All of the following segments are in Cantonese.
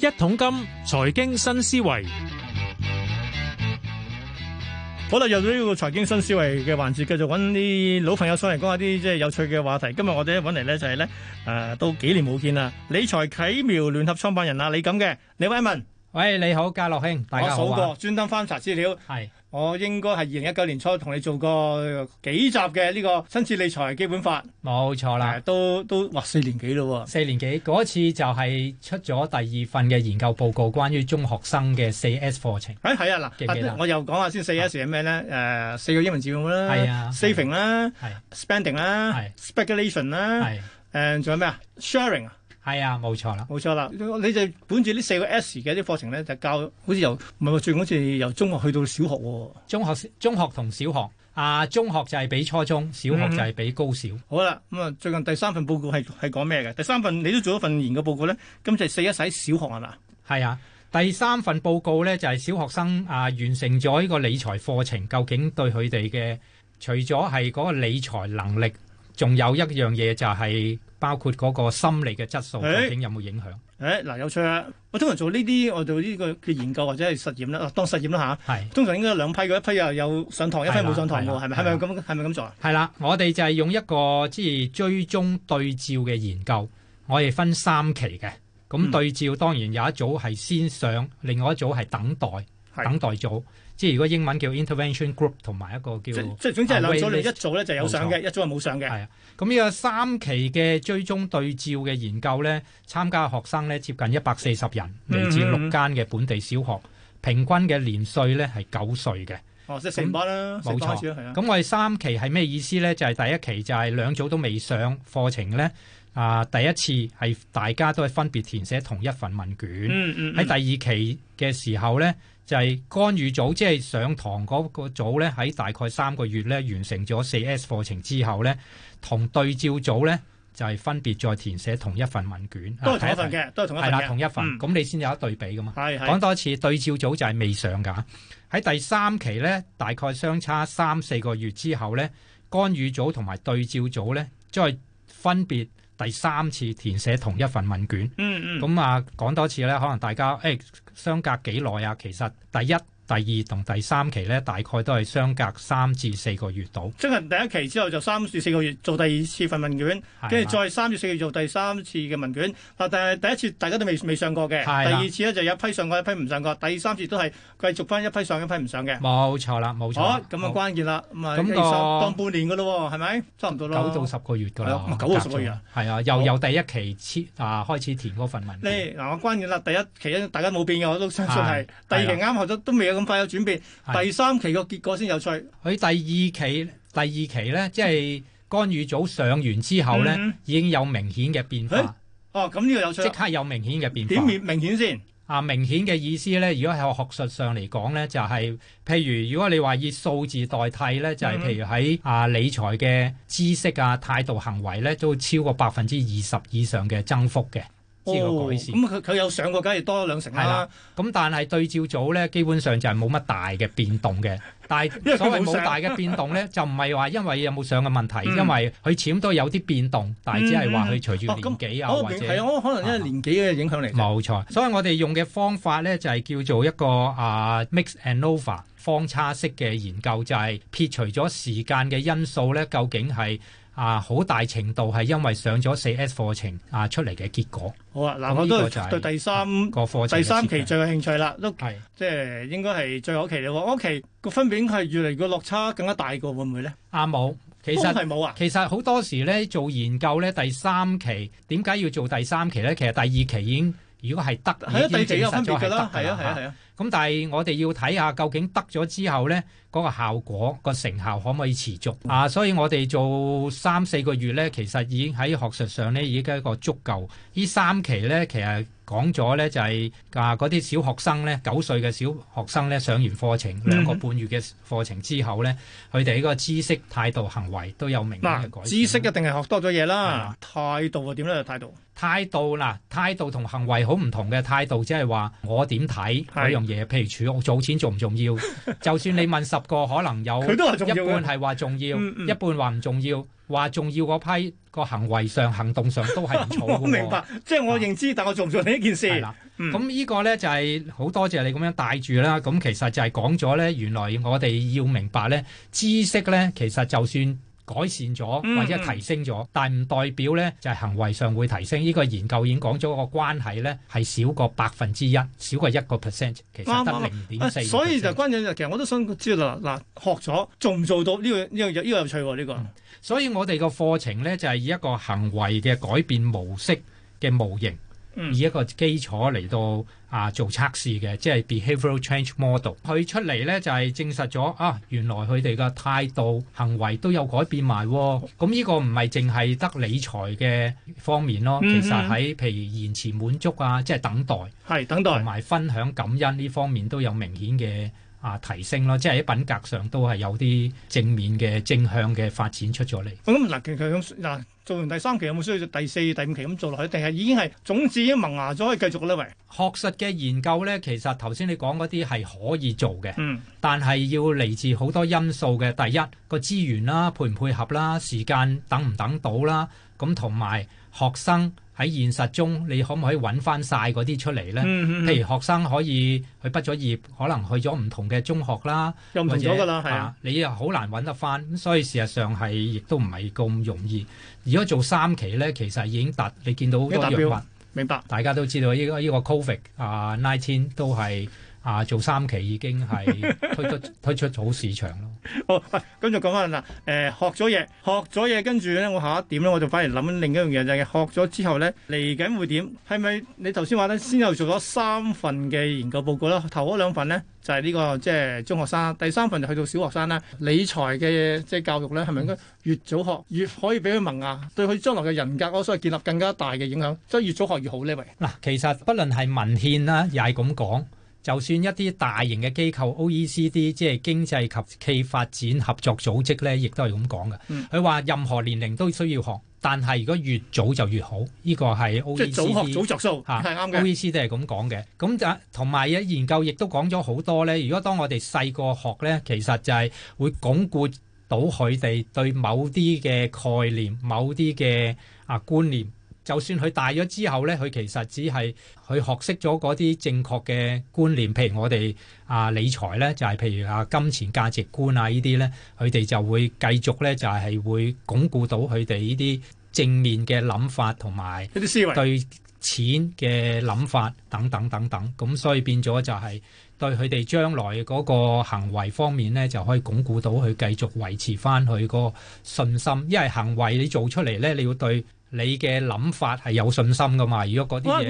一桶金財經新思維，好啦，又到呢個財經新思維嘅環節，繼續揾啲老朋友上嚟講下啲即係有趣嘅話題。今日我哋一揾嚟咧就係咧，誒，都幾年冇見啦！理財啟苗聯合創辦人阿李錦嘅李偉文，喂，你好，家樂兄，大家數過，專登翻查資料，係。我應該係二零一九年初同你做過幾集嘅呢個新設理財基本法，冇錯啦，都都哇四年幾咯喎，四年幾嗰次就係出咗第二份嘅研究報告，關於中學生嘅四 S 課程。誒係啊嗱，記唔記得我又講下先四 S 係咩咧？誒四個英文字母啦，saving 啦，spending 啦，speculation 啦，誒仲有咩啊 sharing。係啊，冇錯啦，冇錯啦，你就本住呢四個 S 嘅啲課程咧，就教好似由唔係喎，最好似由中學去到小學喎，哦，中學中學同小學啊，中學就係比初中，小學就係比高小。嗯、好啦，咁、嗯、啊，最近第三份報告係係講咩嘅？第三份你都做咗份研究報告咧，今次四一使小學係嘛？係啊，第三份報告咧就係、是、小學生啊，完成咗呢個理財課程，究竟對佢哋嘅除咗係嗰個理財能力。仲有一樣嘢就係包括嗰個心理嘅質素，究竟有冇影響？誒嗱，有趣啊！我通常做呢啲，我做呢個嘅研究或者係實驗啦，當實驗啦吓。係。通常應該兩批，嗰一批又有上堂，一批冇上堂嘅喎，係咪？係咪咁？係咪咁做啊？係啦，我哋就係用一個即係追蹤對照嘅研究，我哋分三期嘅。咁對照當然有一組係先上，另外一組係等待，等待組。即係如果英文叫 intervention group 同埋一個叫 list, 即，即係總之係兩組，你一組咧就有上嘅，冇錯，一組係冇上嘅。係啊，咁呢個三期嘅追蹤對照嘅研究咧，參加學生咧接近一百四十人，嚟自六間嘅本地小學，嗯嗯，平均嘅年歲咧係九歲嘅。歲哦，即係成班啦，冇班先啊。咁我哋三期係咩意思咧？就係、是、第一期就係兩組都未上課程咧。啊！第一次係大家都係分別填寫同一份問卷。喺、嗯嗯、第二期嘅時候呢，就係、是、干預組即係、就是、上堂嗰個組呢，喺大概三個月呢完成咗四 S 課程之後呢，同對照組呢，就係、是、分別再填寫同一份問卷，都係同一份嘅，都係同一份嘅，係啦，同一份咁、嗯、你先有得對比噶嘛。講的多一次，的對照組就係未上㗎，喺第三期呢，大概相差三四個月之後呢，干預組同埋對照組呢，再、就是、分別。第三次填寫同一份問卷，咁 啊講多次咧，可能大家誒、欸、相隔幾耐啊？其實第一。第二同第三期咧，大概都係相隔三至四個月到。即係第一期之後就三至四個月做第二次份問卷，跟住再三至四個月做第三次嘅問卷。嗱，但係第一次大家都未未上過嘅，第二次咧就有一批上過，一批唔上過。第三次都係繼續翻一批上一批唔上嘅。冇錯啦，冇錯。咁啊關鍵啦，咁啊當半年㗎咯喎，係咪？差唔多啦。九到十個月㗎啦。九到十個月啦，係啊，又由第一期開始填嗰份問卷。你嗱，關鍵啦，第一期大家冇變嘅，我都相信係。第二期啱學都未。咁快有轉變，第三期個結果先有趣。佢第二期、第二期咧，即係干預組上完之後咧， 已經有明顯嘅變化。哦、 啊，咁呢個有趣，即刻有明顯嘅變化。點明明顯先？啊，明顯嘅意思咧，如果喺學術上嚟講咧，就係、是、譬如如果你話以數字代替咧，就係、是、譬如喺 啊理財嘅知識啊態度行為咧，都超過百分之二十以上嘅增幅嘅。咁佢佢有上過，梗係多咗兩成啦、啊。咁、嗯、但係對照組咧，基本上就係冇乜大嘅變動嘅。但係 所謂冇大嘅變動咧， 就唔係話因為有冇上嘅問題，嗯、因為佢潛都有啲變動，但係只係話佢隨住年紀啊，嗯啊嗯、或者係可能因為年紀嘅影響嚟、啊。冇錯，所以我哋用嘅方法咧就係、是、叫做一個啊、uh, mixed ANOVA 方差式嘅研究，就係、是、撇除咗時間嘅因素咧，究竟係。啊，好大程度係因為上咗四 S 課程啊出嚟嘅結果。好啊，嗱、就係，我都對第三個課程第三期最有興趣啦。嗯、都係即係應該係最後期嚟喎。我期個分別係越嚟越落差更加大過，會唔會咧啊冇，其實係冇啊。其實好多時咧做研究咧，第三期點解要做第三期咧？其實第二期已經。如果係得，已經證實咗係得㗎啦。係啊，係啊，咁但係我哋要睇下究竟得咗之後咧，嗰個效果、個成效可唔可以持續啊？所以我哋做三四個月咧，其實已經喺學術上咧已經係一個足夠。呢三期咧，其實。講咗呢，就係啊嗰啲小學生呢，九歲嘅小學生呢，上完課程兩個半月嘅課程之後呢，佢哋嗰個知識態度行為都有明顯嘅改變，嗯。知識一定係學多咗嘢啦。態、嗯、度啊點咧？態度態度嗱態、呃、度同行為好唔同嘅態度，即係話我點睇嗰樣嘢。譬如儲做錢重唔重要？ 就算你問十個，可能有佢都話重要嘅一半係話重要，重要一半話唔重要。話、嗯嗯、重要嗰批。個行為上、行動上都係唔錯嘅喎。我明白，即係我認知，啊，但我做唔做呢一件事？係啦，咁，嗯，呢個咧就係好多謝你咁樣帶住啦。咁其實就係講咗咧，原來我哋要明白咧，知識咧其實就算改善咗或者提升咗，嗯、但係唔代表咧就係、是、行為上會提升。呢、這個研究已經講咗個關係咧係少過百分之一，少過一個 percent，其實得零點四。所以就關鍵就其實我都想知啦，嗱，嗱學咗做唔做到呢、這個呢、這個呢、這個有趣喎呢、這個所以我哋個課程咧就係、是、以一個行為嘅改變模式嘅模型。以一個基礎嚟到啊做測試嘅，即係 behavioral change model。佢出嚟咧就係、是、證實咗啊，原來佢哋嘅態度行為都有改變埋。咁、啊、呢、呢個唔係淨係得理財嘅方面咯，其實喺譬如延遲滿足啊，即係等待，係等待同埋分享感恩呢方面都有明顯嘅。啊！提升咯，即係喺品格上都係有啲正面嘅正向嘅發展出咗嚟。咁嗱、嗯，其實嗱做完第三期有冇需要第四、第五期咁做落去，定係已經係種子已經萌芽咗，可以繼續 level 學術嘅研究咧？其實頭先你講嗰啲係可以做嘅，嗯，但係要嚟自好多因素嘅。第一個資源啦，配唔配合啦，時間等唔等到啦，咁同埋學生。喺現實中，你可唔可以揾翻晒嗰啲出嚟咧？嗯嗯、譬如學生可以去畢咗業，可能去咗唔同嘅中學啦，又換咗㗎啦，係啊，你又好難揾得翻，所以事實上係亦都唔係咁容易。如果做三期咧，其實已經突你見到好多藥物，明白？大家都知道呢個呢個 Covid 啊，Nineteen 都係。啊！做三期已經係推出 推出咗市場咯。哦，咁、啊、就講翻啦。誒、呃，學咗嘢，學咗嘢，跟住咧，我下一點咧，我就反而諗另一樣嘢，就係學咗之後咧，嚟緊會點？係咪你頭先話咧？先後做咗三份嘅研究報告啦。頭嗰兩份呢，就係、是、呢、這個即係中學生，第三份就去到小學生啦。理財嘅即係教育咧，係咪應該越早學越可以俾佢萌芽，嗯、對佢將來嘅人格嗰個建立更加大嘅影響，即係越早學越好呢？喂，嗱，其實不論係文獻啦，也係咁講。 就算一啲大型嘅機構 OECD，即係經濟及暨發展合作組織咧，亦都係咁講嘅。佢話、嗯、任何年齡都需要學，但係如果越早就越好，呢、這個係 OECD，即係早學早着數，係啱，OECD 係咁講嘅。咁就同埋嘅研究亦都講咗好多咧。如果當我哋細個學咧，其實就係會鞏固到佢哋對某啲嘅概念、某啲嘅啊觀念。就算佢大咗之後呢，佢其實只係佢學識咗嗰啲正確嘅觀念，譬如我哋啊理財呢，就係譬如啊金錢價值觀啊呢啲呢，佢哋就會繼續呢就係會鞏固到佢哋呢啲正面嘅諗法同埋啲思維對錢嘅諗法等等等等。咁所以變咗就係對佢哋將來嗰個行為方面呢，就可以鞏固到佢繼續維持返佢個信心。因為行為你做出嚟呢，你要對。你嘅諗法係有信心噶嘛？如果嗰啲嘢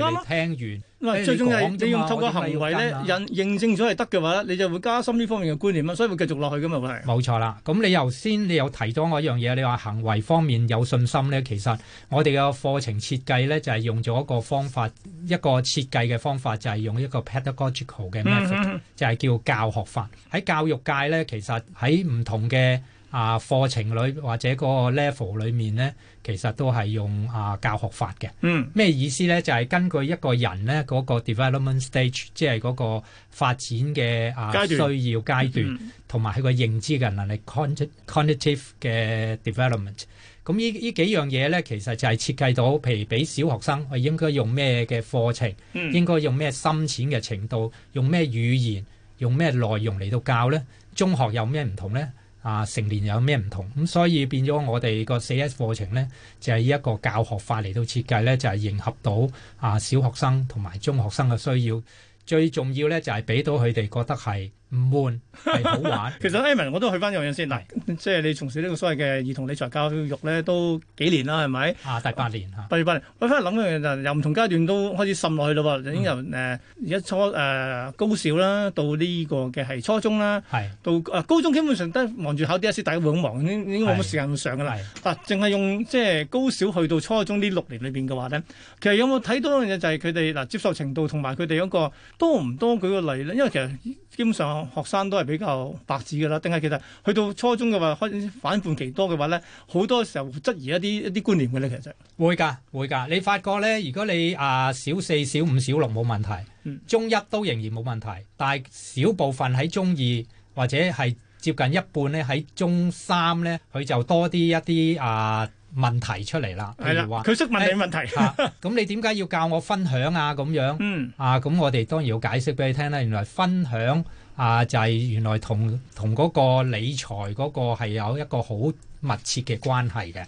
你聽完，啊、最終係你用通過行為咧，認認證咗係得嘅話咧，你就會加深呢方面嘅觀念啊，所以會繼續落去噶嘛，係冇錯啦。咁你頭先你有提咗我一樣嘢，你話行為方面有信心咧，其實我哋嘅課程設計咧就係、是、用咗一個方法，一個設計嘅方法就係用一個 pedagogical 嘅 method，、嗯嗯、就係叫教學法。喺教育界咧，其實喺唔同嘅。啊，課程裏或者嗰個 level 裏面咧，其實都係用啊教學法嘅。嗯，咩意思咧？就係、是、根據一個人咧嗰、那個 development stage，即係嗰個發展嘅啊段需要階段，同埋佢個認知嘅能力 （cognitive） 嘅 development。咁呢依幾樣嘢咧，其實就係設計到，譬如俾小學生，我應該用咩嘅課程？應該用咩深淺嘅程度？用咩語言？用咩內容嚟到教咧？中學有咩唔同咧？啊，成年有咩唔同咁、嗯，所以變咗我哋個四 S 課程呢，就係、是、以一個教學法嚟到設計呢，就係、是、迎合到啊小學生同埋中學生嘅需要。最重要呢，就係、是、俾到佢哋覺得係。唔悶係好玩， 其實 Evan 我都去翻樣先嗱，即係你從事呢個所謂嘅兒童理財教育咧，都幾年啦，係咪？啊，第八年嚇，八月、啊、八年。我翻嚟諗一樣嘢就由唔同階段都開始滲落去咯喎。已經、嗯、由誒而家初誒、呃、高小啦，到呢個嘅係初中啦，是到誒、啊、高中，基本上都忙住考 DSE，大家會好忙，應應該冇乜時間會上噶啦。但淨係用即係高小去到初中呢六年裏邊嘅話咧，其實有冇睇到一樣嘢就係佢哋嗱接受程度同埋佢哋嗰個多唔多舉個例咧？因為其實。基本上學生都係比較白紙嘅啦，定係其實去到初中嘅話，開反叛期多嘅話咧，好多時候質疑一啲一啲觀念嘅咧，其實會㗎會㗎。你發覺咧，如果你啊小四、小五、小六冇問題，中一都仍然冇問題，但係小部分喺中二或者係接近一半咧喺中三咧，佢就多啲一啲啊。問題出嚟啦，譬如話佢識問你問題，咁、哎 啊、你點解要教我分享啊？咁樣，嗯、啊咁我哋當然要解釋俾你聽啦。原來分享啊，就係原來同同嗰個理財嗰個係有一個好密切嘅關係嘅。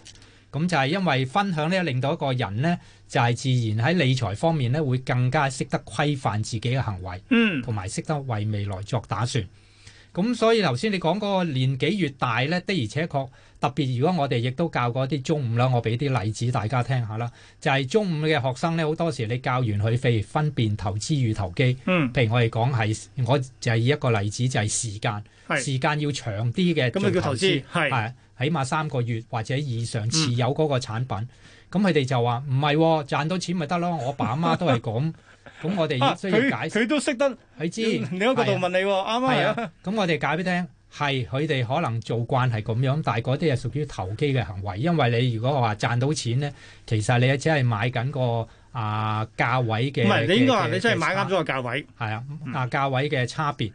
咁就係因為分享呢，令到一個人呢，就係自然喺理財方面呢，會更加識得規範自己嘅行為，嗯，同埋識得為未來作打算。咁所以頭先你講嗰個年紀越大呢的而且確特別。如果我哋亦都教過啲中五啦，我俾啲例子大家聽下啦。就係、是、中五嘅學生呢，好多時你教完佢分分辨投資與投機。嗯、譬如我哋講係，我就係以一個例子就係時間，是時間要長啲嘅。是投資？係。起碼三個月或者以上持有嗰個產品，咁佢哋就話唔係，賺、哦、到錢咪得咯。我爸媽都係講。 咁我哋要解佢，佢、啊、都識得，佢知。你喺嗰度問你喎，啱啱。係啊，咁我哋解俾你聽，係佢哋可能做慣係咁樣，但係嗰啲係屬於投機嘅行為。因為你如果話賺到錢咧，其實你只係買緊個啊價位嘅。唔係是，的你應該話你真係買啱咗個價位。係啊，啊價、嗯、位嘅差別。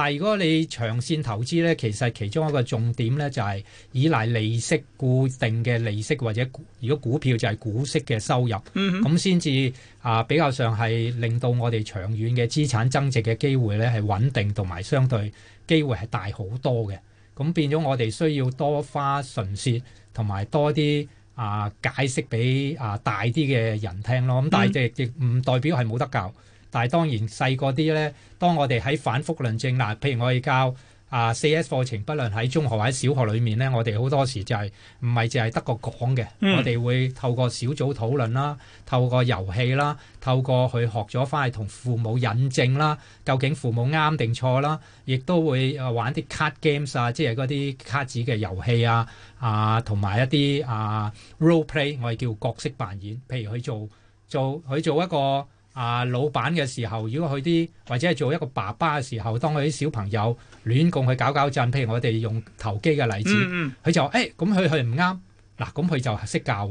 但係如果你長線投資咧，其實其中一個重點咧，就係依賴利息，固定嘅利息，或者如果股票就係股息嘅收入，咁先至啊比較上係令到我哋長遠嘅資產增值嘅機會咧係穩定同埋相對機會係大好多嘅。咁變咗我哋需要多花唇舌同埋多啲啊、呃、解釋俾啊大啲嘅人聽咯。咁但係亦亦唔代表係冇得教。但係當然細個啲咧，當我哋喺反覆論證嗱，譬如我哋教啊四 S 課程，不論喺中學或者小學裡面咧，我哋好多時就係唔係淨係得個講嘅，嗯、我哋會透過小組討論啦，透過遊戲啦，透過佢學咗翻去同父母引證啦，究竟父母啱定錯啦，亦都會玩啲 card games 啊，即係嗰啲卡紙嘅遊戲啊，啊同埋一啲啊 role play，我哋叫角色扮演，譬如佢做做佢做一個。啊！老闆嘅時候，如果佢啲或者係做一個爸爸嘅時候，當佢啲小朋友亂共佢搞搞震，譬如我哋用投機嘅例子，佢、嗯嗯、就話誒咁，佢佢唔啱。嗱，咁佢就識教，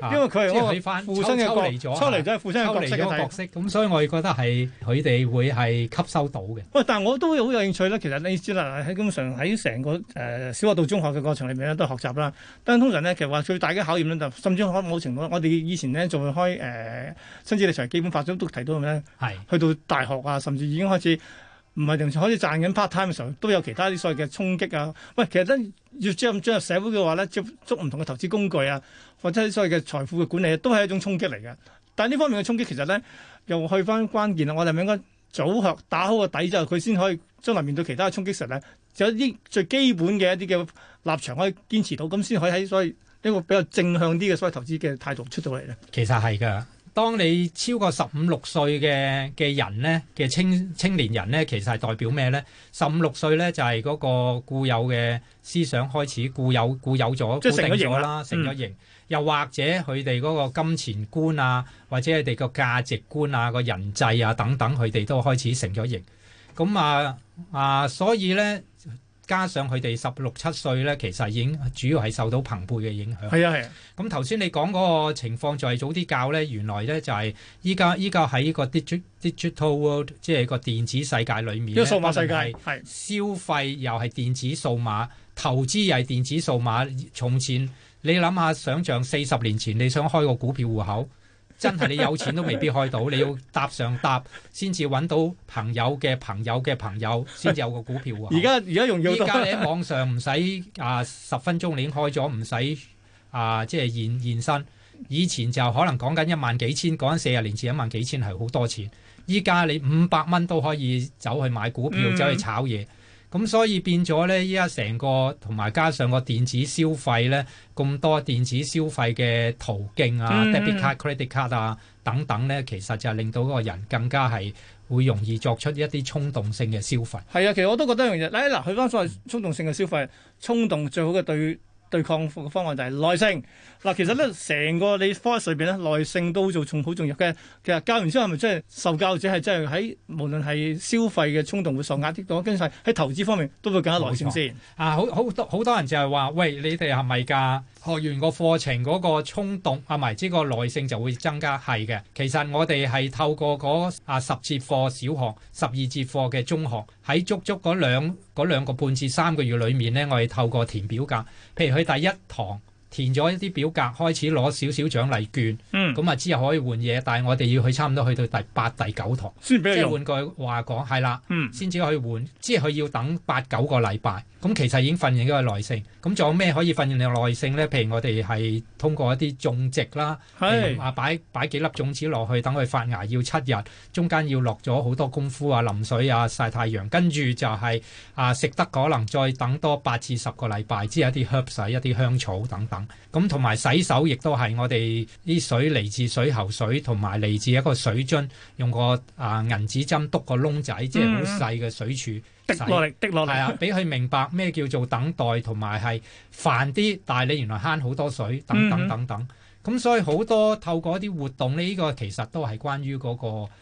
啊、因為佢係父親嘅過嚟咗，出嚟即係父親嘅角色咁，所以我覺得係佢哋會係吸收到嘅。喂，但係我都好有興趣咧。其實你知啦，喺通常喺成個誒、呃、小學到中學嘅過程裏面咧，都學習啦。但係通常咧，其實話最大嘅考驗咧，就甚至可能某程度，我哋以前咧仲會開誒，甚至你從、呃、基本法都都提到咧，係去到大學啊，甚至已經開始。唔係仲可以賺緊 part time 嘅時候，都有其他啲所謂嘅衝擊啊！喂，其實真要將進入社會嘅話咧，接觸唔同嘅投資工具啊，或者啲所謂嘅財富嘅管理都係一種衝擊嚟嘅。但係呢方面嘅衝擊其實咧，又去返關鍵啦。我哋咪應該組合打好個底之後，佢先可以將來面對其他嘅衝擊時咧，有啲最基本嘅一啲嘅立場可以堅持到，咁先可以喺所謂一個比較正向啲嘅所謂投資嘅態度出到嚟咧。其實係㗎。當你超過十五六歲嘅嘅人呢，嘅青青年人呢，其實係代表咩呢？十五六歲呢，就係嗰個固有嘅思想開始固有固有咗，固定咗啦，成咗型。嗯、又或者佢哋嗰個金錢觀啊，或者佢哋個價值觀啊、個人際啊等等，佢哋都開始成咗型。咁啊啊，所以呢。加上佢哋十六七歲咧，其實已經主要係受到朋輩嘅影響。係啊係。咁頭先你講嗰個情況就係早啲教咧，原來咧就係依家依家喺呢個 digital world，即係個電子世界裏面，個數碼世界係消費又係電子數碼，投資又係電子數碼。從前你諗下，想像四十年前你想開個股票戶口。 真係你有錢都未必開到，你要搭上搭先至揾到朋友嘅朋友嘅朋友，先至有個股票啊！而家而家容易，而家你喺網上唔使啊，呃、十分鐘你已經開咗，唔使啊，即係現現身。以前就可能講緊一萬幾千，講緊四十年前一萬幾千係好多錢，依家你五百蚊都可以走去買股票，走去炒嘢。咁所以變咗咧，依家成個同埋加上個電子消費咧，咁多電子消費嘅途徑啊，嗯，debit card、credit card 啊等等咧，其實就係令到嗰個人更加係會容易作出一啲衝動性嘅消費。係啊，其實我都覺得一樣嘢，咧嗱，去翻所謂衝動性嘅消費，衝動最好嘅對。對抗嘅方案就係耐性。嗱，其實咧，成個你科學上邊咧，耐性都做重好重要嘅。其實教完之後，係咪即係受教者係即係喺無論係消費嘅衝動會受壓啲多，跟住係喺投資方面都會更加耐性先。啊，好好多好多人就係話，喂，你哋係咪㗎？學完個課程嗰個衝動啊，唔係呢個耐性就會增加。係嘅。其實我哋係透過嗰啊十節課小學，十二節課嘅中學，喺足足嗰兩嗰兩個半至三個月裏面咧，我哋透過填表格，譬如佢。第一堂。填咗一啲表格，開始攞少少獎勵券，咁啊之後可以換嘢。但係我哋要去差唔多去到第八、第九堂，即係換句話講，係啦，先至可以換，之後佢要等八九個禮拜。咁、嗯、其實已經訓練咗個耐性。咁、嗯、仲有咩可以訓練你耐性咧？譬如我哋係通過一啲種植啦，啊擺擺幾粒種子落去，等佢發芽要七日，中間要落咗好多功夫啊，淋水啊，曬太陽，跟住就係啊食得可能再等多八至十個禮拜，之後一啲 herbs 一啲香草等等。咁同埋洗手，亦都係我哋啲水嚟自水喉水，同埋嚟自一個水樽，用個啊銀紙針篤個窿仔，即係好細嘅水柱、嗯、洗滴落嚟，滴落嚟，係啊，俾佢明白咩叫做等待，同埋係煩啲，但係你原來慳好多水，等等嗯嗯等等。咁所以好多透過一啲活動，呢、這個其實都係關於嗰、那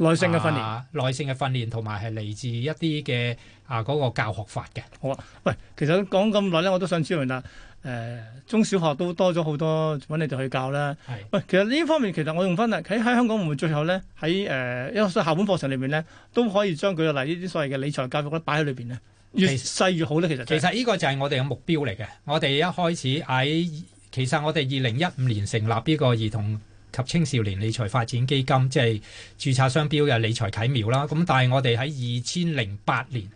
個耐性嘅訓練，耐性嘅訓練同埋係嚟自一啲嘅啊嗰、那個教學法嘅。好啊，喂，其實講咁耐咧，我都想轉啦。誒、呃、中小學都多咗好多揾你哋去教啦。係喂是，其實呢方面其實我用翻啦，喺喺香港會唔會最後咧，喺誒一個校本課程裏面咧，都可以將佢嚟呢啲所謂嘅理財教育咧擺喺裏邊咧，越細越好咧。其實、就是、其實呢個就係我哋嘅目標嚟嘅。我哋一開始喺其實我哋二零一五年成立呢個兒童及青少年理財發展基金，即係註冊商標嘅理財啟苗啦。咁但係我哋喺二千零八年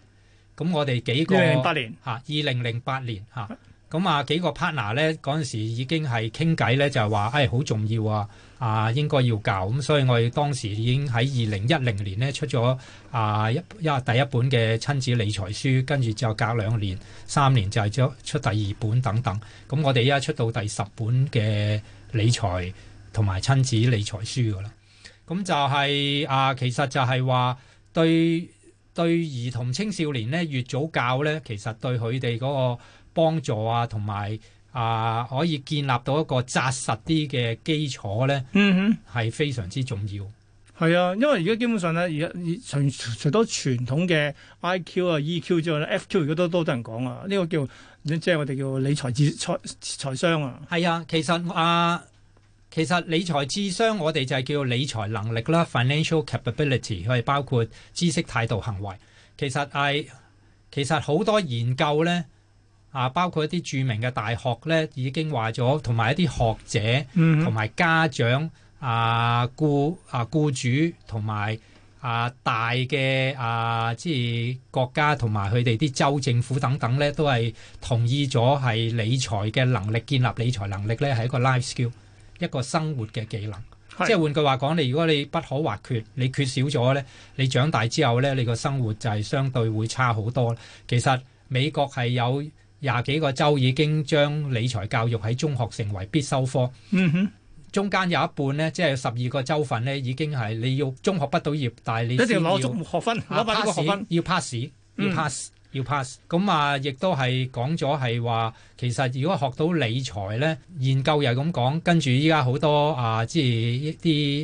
咁，我哋幾個八 2008.、啊、年嚇二零零八年嚇。啊咁啊，幾個 partner 咧嗰陣時已經係傾偈咧，就係話誒好重要啊！啊，應該要教咁，所以我哋當時已經喺二零一零年咧出咗啊一一第一本嘅親子理財書，跟住之後隔兩年三年就係出出第二本等等。咁我哋依家出到第十本嘅理財同埋親子理財書噶啦。咁就係、是、啊，其實就係話對對兒童青少年咧，越早教咧，其實對佢哋嗰個幫助啊，同埋啊，可以建立到一個紮實啲嘅基礎咧，嗯哼，係非常之重要。係啊，因為而家基本上咧，而家除除除咗傳統嘅 I Q 啊、E Q 之外咧，F Q 而家都多多人講啊。呢個叫即係我哋叫理財智財財商啊。係啊，其實啊，其實理財智商我哋就係叫理財能力啦，financial capability 佢係包括知識、態度、行為。其實係、啊、其實好多研究咧。啊，包括一啲著名嘅大學咧，已經話咗，同埋一啲學者，同埋、嗯、家長啊，雇、呃、啊，雇、呃、主，同埋啊大嘅啊，即、呃、係國家，同埋佢哋啲州政府等等咧，都係同意咗係理財嘅能力，建立理財能力咧係一個 life skill，一個生活嘅技能。是即係換句話講，你如果你不可或缺，你缺少咗咧，你長大之後咧，你個生活就係相對會差好多。其實美國係有。廿幾個州已經將理財教育喺中學成為必修科。嗯哼，中間有一半咧，即係十二個州份咧，已經係你要中學畢到業，但係你一定要攞足學分，攞百幾個學分，要 pass，要 pass，要 pass。咁啊，亦都係講咗係話，其實如果學到理財咧，研究又係咁講，跟住依家好多啊，即係一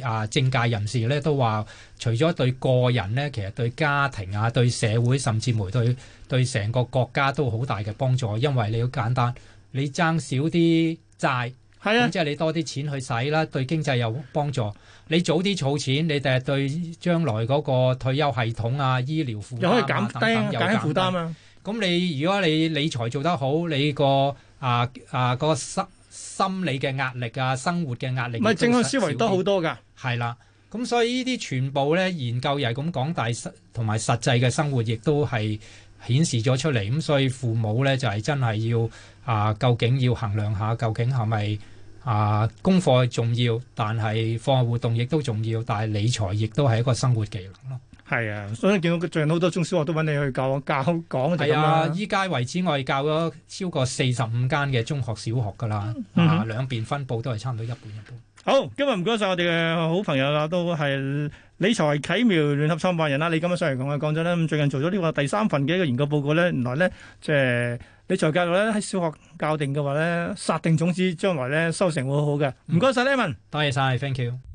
啲啊政界人士咧都話，除咗對個人咧，其實對家庭啊，對社會啊，甚至乎對對成個國家都好大嘅幫助，因為你好簡單，你爭少啲債，咁、啊、即係你多啲錢去使啦，對經濟有幫助。你早啲儲錢，你第日，日對將來嗰個退休系統啊、醫療負擔啊等等，又可以減低負擔啊。咁你如果你理財做得好，你個啊啊個心心理嘅壓力啊，生活嘅壓力唔係正向思維都好多㗎。係啦，咁所以呢啲全部咧研究又係咁講，但係同埋實際嘅生活亦都係。顯示咗出嚟，咁所以父母咧就係、是、真係要啊，究竟要衡量下，究竟係咪啊功課重要，但係課外活動亦都重要，但係理財亦都係一個生活技能咯。係啊，所以見到最近好多中小學都揾你去教教，教講。係啊，依家為止我哋教咗超過四十五間嘅中學、小學㗎啦，啊、嗯、哼兩邊分佈都係差唔多一半一半。好，今日唔該晒我哋嘅好朋友啦，都係。理財啟苗聯合創辦人啦，你今日上嚟講嘅講咗啦。咁最近做咗呢個第三份嘅一個研究報告咧，原來咧即係理財教育咧喺小學教定嘅話咧，撒定種子將來咧收成會好好嘅。唔該晒，Lemon，多謝晒，thank you。謝謝